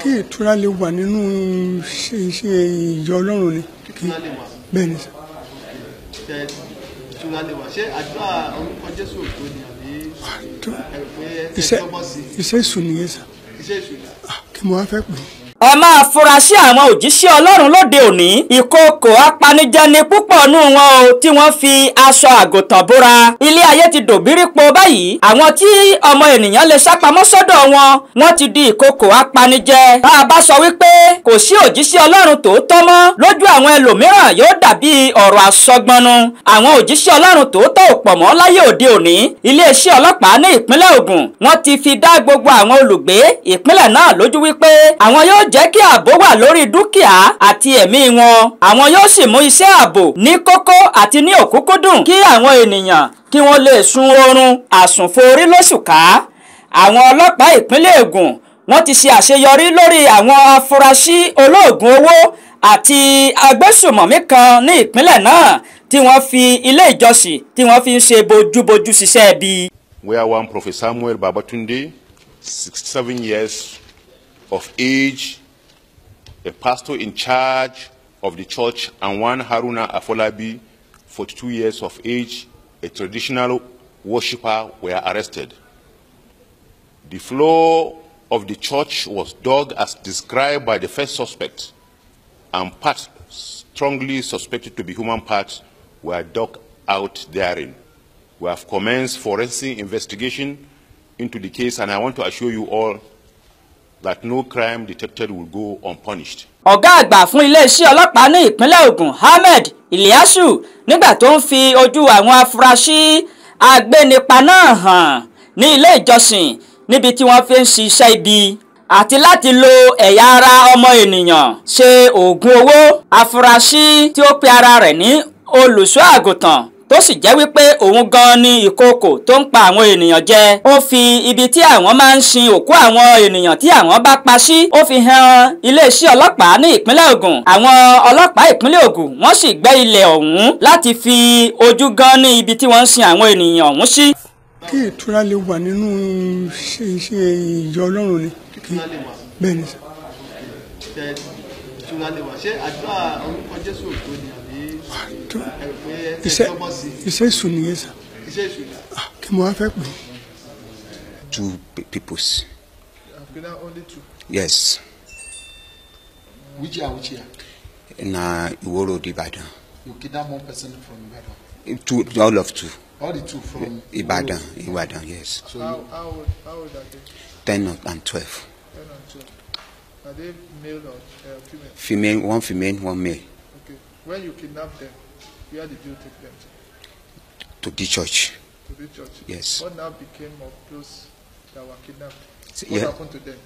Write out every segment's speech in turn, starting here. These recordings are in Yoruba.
kí ìtura lè wà nínú iṣẹ́ ìjọ ọlọ́run ni bẹ́ẹ̀ ni sà. ìtura lè wà ṣé àdúrà orúkọ jésù òkú ni àbí ẹ pé ẹ tọ́ bọ́ sí. iṣẹ́ ìsùn nìyẹn sà. iṣẹ́ ìsùn. Ah, kí mo wá fẹ́ pè é ẹ máa fura sí àwọn òjíṣẹ́ ọlọ́run lóde òní ìkookò apanijẹ ni púpọ̀ nù wọn o tí wọ́n fi aṣọ àgùntàn bóra ilé ayé ti dòbírípo báyìí àwọn tí ọmọ ènìyàn lè sápamọ́ sọ́dọ̀ wọn wọ́n ti di ìkookò apanijẹ bá a bá sọ wípé kò sí òjíṣẹ́ ọlọ́run tòótọ́ mọ́ lójú àwọn ẹlòmíràn yóò dàbí ọ̀rọ̀ àsọgbọnnu àwọn òjíṣẹ́ ọlọ́run tòótọ́ ò pọ̀ mọ́ láyé òde òní iléeṣẹ́ ọlọ́pàá ní ìpínlẹ̀ Ògùn wọ́n ti fi dá gbogbo àwọn olùgbé ìpínlẹ̀ náà lójú wípé àwọn yóò jẹ́ kí ààbò wà lórí dúkìá àti ẹ̀mí wọn àwọn yóò sì mú iṣẹ́ ààbò ní kókó àti ní òkúkúdùn kí àwọn ènìyàn kí wọ́n lè sun oorun àsùnforí lóṣù ká àwọn ọlọ́pàá ìpínlẹ̀ Ògùn wọ́n ti ṣe àṣeyọrí lórí àwọn afurasí olóògùn owó àti agbésùmọ̀mí kan ní ìpínlẹ̀ náà tí wọ́n fi ilé ìjọsìn tí wọ́n fi ń ṣe bojúbojú ṣiṣẹ́ bí. we are one Professor Samuel Babatunde sixty seven years of age a pastor in charge of the church, and one Haruna Afolabi, 42 years of age, a traditional worshipper, were arrested. The floor of the church was dug as described by the first suspect, and parts strongly suspected to be human parts were dug out therein. We have commenced forensic investigation into the case, and I want to assure you all that no crime detected will go unpunished. ọ̀gá àgbà fún iléeṣẹ́ ọlọ́pàá ní ìpínlẹ̀ Ògùn Ahmed Ilyasu nígbà tó ń fi ojú àwọn afurasí agbénipa náà hàn ní ilé ìjọsìn níbi tí wọ́n fi ń ṣiṣẹ́ ibi àti láti lo ẹ̀yà ara ọmọ ènìyàn ṣe oògùn owó afurasí tí ó pe ara rẹ̀ ní olùṣọ́ tó sì jẹ́ wípé òun gan ni ìkookò tó ń pa àwọn ènìyàn jẹ ó fi ibi tí àwọn máa ń sin òkú àwọn ènìyàn tí àwọn bá pa sí ó fi hàn iléeṣẹ́ ọlọ́pàá ní ìpínlẹ̀ Ògùn àwọn ọlọ́pàá ìpínlẹ̀ Ògùn wọ́n sì gbẹ́ ilẹ̀ ọ̀hún láti fi ojú gan ní ibi tí wọ́n ń sin àwọn ènìyàn ọ̀hún sí. kí ìtura lè wà nínú iṣẹ́ ìjọ Ọlọ́run ni kí bẹ́ẹ̀ ni. ìtura lè wà ṣé àdúrà iṣẹ́ èṣù nìyẹn sà ah, kí mo wá fẹ́ pè. two peoples. only two. yes. which are which are. na Iwo Road Ibadan. you kidnap one person from Ibadan. two all of two. all the two from. Ibadan Ibadan yes. so how, how old how old are they. ten and twelve. ten and twelve. are they male or uh, female. female one female one male. When you kidnapped them, where did you take them to? To the church. To the church? Yes. What now became of those that were kidnapped? So, what yeah. happened to them?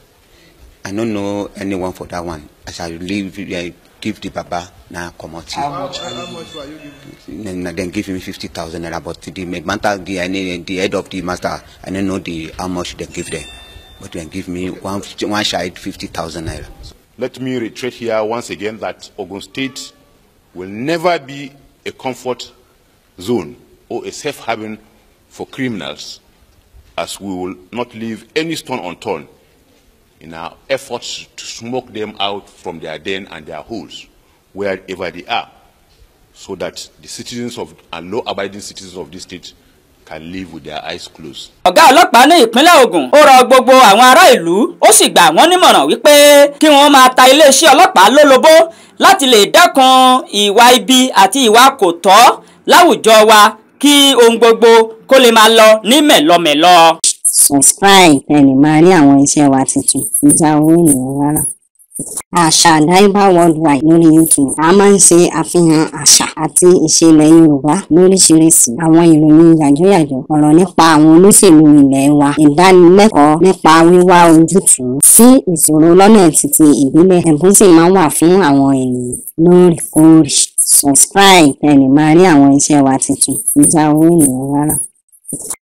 I don't know anyone for that one. As I leave, I give the Baba now come out. How much? How much were you giving? Then, then give him fifty thousand naira. But the master, the, the head of the master, I don't know the how much they give them. But then give me one one child fifty thousand naira. Let me reiterate here once again that Ogun State will never be a comfort zone or a safe haven for criminals, as we will not leave any stone unturned in our efforts to smoke them out from their den and their holes, wherever they are, so that the citizens of and law-abiding citizens of this state can live with their eyes closed. ọ̀gá ọlọ́pàá ní ìpínlẹ̀ Ògùn ó rọ gbogbo àwọn ará ìlú ó sì gbà wọ́n nímọ̀ràn wípé kí wọ́n máa ta iléeṣẹ́ ọlọ́pàá lólobó láti lè dẹ́kun ìwà ibi àti ìwà kò tọ́ láwùjọ wa kí ohun gbogbo kó lè máa lọ ní mẹ̀lọmẹ̀lọ. subscribe kẹ́ máa rí àwọn iṣẹ́ wa tuntun ìjà owó ìlú rárá àṣà àdáyébá worldwide lórí youtube a máa ń ṣe àfihàn àṣà àti ìṣe ilẹ̀ yorùbá lóríṣiríṣi àwọn ìròyìn yàjóyàjó ọ̀rọ̀ nípa àwọn olóṣèlú ilẹ̀ wa ìdánilẹ́kọ̀ọ́ nípa wíwá ojútùú sí ìṣòro lọ́nà títí ìbílẹ̀ ẹ̀bùn sì máa ń wà fún àwọn ènìyàn lóòrèkóòrè subscribe ẹ lè máa rí àwọn iṣẹ́ wa tuntun ìjà owó ènìyàn rárá.